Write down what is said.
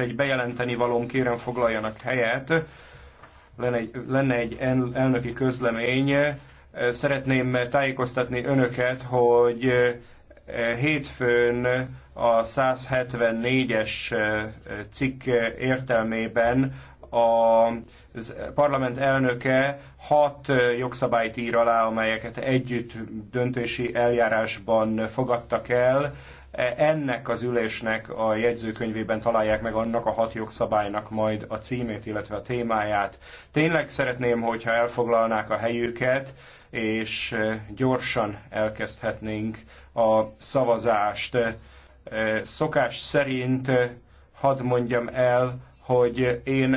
egy bejelenteni valóm, kérem foglaljanak helyet. Lenne egy, lenne egy elnöki közlemény. Szeretném tájékoztatni önöket, hogy eh, hétfőn a 174-es eh, cikk értelmében a parlament elnöke hat eh, jogszabályt ír alá, amelyeket együtt döntési eljárásban fogadtak el. Ennek az ülésnek a jegyzőkönyvében találják meg annak a hat jogszabálynak majd a címét, illetve a témáját. Tényleg szeretném, hogyha elfoglalnák a helyüket, és gyorsan elkezdhetnénk a szavazást. Szokás szerint hadd mondjam el, hogy én